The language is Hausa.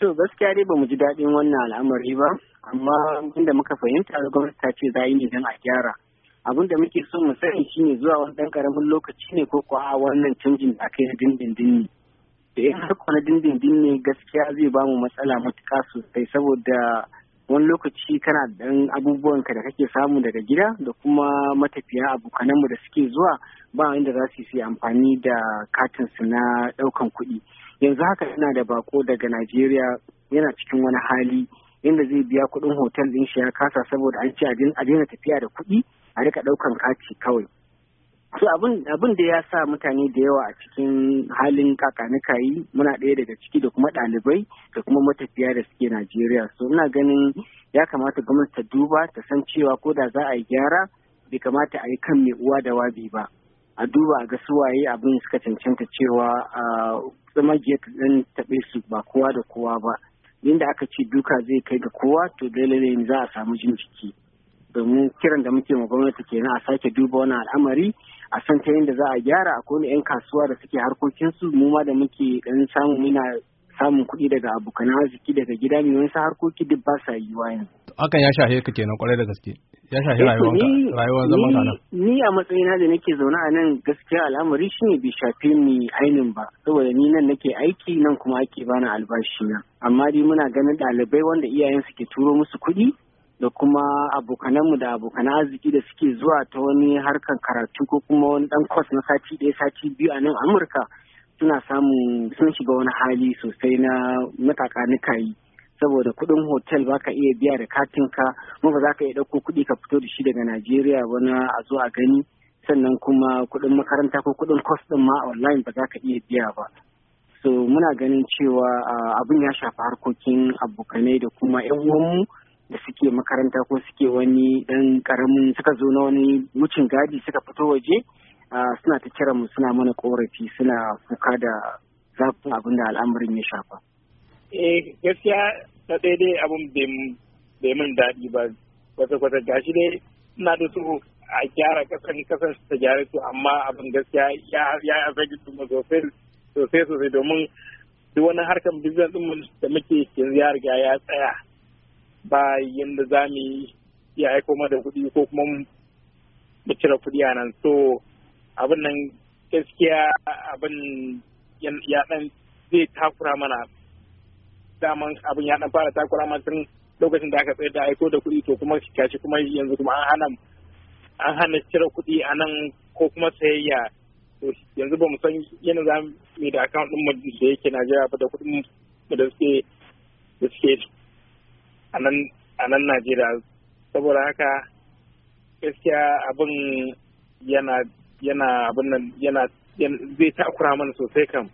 To gaskiya dai bamu ji daɗin wannan al'amari ba, amma inda muka fahimta da gwamnati ta ce za yi ne don a gyara. Abin da muke so mu sani shine zuwa wani ɗan ƙaramin lokaci ne ko kuwa a wannan canjin da aka yi na dindindin ne. Da in har na dindindin ne gaskiya zai ba mu matsala matuƙa sosai saboda wani lokaci kana ɗan abubuwanka da kake samu daga gida da kuma matafiya abokananmu da suke zuwa ba wanda za su yi amfani da katinsu na ɗaukan kuɗi. yanzu haka ina da bako daga najeriya yana cikin wani hali inda zai biya kuɗin hotel din shi ya kasa saboda an ci a daina tafiya da kuɗi a rika ɗaukan kati kawai so abin da ya sa mutane da yawa a cikin halin kakanika yi muna ɗaya daga ciki da kuma ɗalibai da kuma matafiya da suke najeriya so ina ganin ya kamata gwamnati ta duba ta san cewa ko da za a yi gyara bai kamata a yi kan mai uwa da wabi ba a duba a ga suwaye abin suka cancanta cewa a tsamagiyar ɗin taɓe su ba kowa da kowa ba inda aka ce duka zai kai ga kowa to dalilai za a samu jin jiki domin kiran da muke ma gwamnati kenan a sake duba wani al'amari a san ta yadda za a gyara a 'yan kasuwa da suke harkokinsu mu ma da muke ɗan samu muna samun kuɗi daga abokan arziki daga gida ne wani harkoki duk ba sa yiwa yanzu. Hakan ya shahe ka kenan kwarai da gaske. Ya shahe eh, rayuwar zaman ka nan. Ni a matsayina da nake zaune a nan gaskiya al'amari shine bai shafe ni ainin ba saboda ni nan nake aiki nan kuma ake bani albashi na. Amma dai muna ganin ɗalibai wanda iyayen suke turo musu kuɗi da kuma abokananmu da abokan arziki da suke zuwa ta wani harkar karatu ko kuma wani ɗan kwas na sati ɗaya sati biyu a nan Amurka. suna samun sun shiga wani hali sosai na mataka saboda kuɗin hotel ba ka iya biya da katinka kuma ba za ka iya ɗauko kuɗi ka fito da shi daga najeriya wani a zo a gani sannan kuma kuɗin makaranta ko kuɗin kwas ɗin ma online ba za ka iya biya ba so muna ganin cewa abin ya shafi harkokin abokanai da kuma yan uwanmu da suke makaranta ko suke wani ɗan ƙaramin suka zo na wani wucin gadi suka fito waje Ah, suna ta kiran mu suna mana korafi suna kuka da zafin abin da al'amarin ya shafa. Eh gaskiya ta daidai abin bai min daɗi ba kwata-kwata gashi dai suna da su a gyara kasan kasan ta gyara su amma abin gaskiya ya affect su sosai sosai sosai domin duk wani harkar business din da muke yanzu ya riga ya tsaya ba yanda za mu yi ya aiko mana kuɗi ko kuma mu cire kuɗi a nan so abin nan gaskiya abin ya dan zai takura mana daman abin ya dan fara takura mana tun lokacin da aka tsayar da aiko da kuɗi to kuma kashi kuma yanzu kuma an hana an hana cire kuɗi a nan ko kuma sayayya to yanzu ba mu san yana za mu da account din mu da yake Najeriya ba da kuɗin mu da suke da suke a nan a nan Najeriya saboda haka gaskiya abin yana yana abin nan yana zai takura mana sosai kam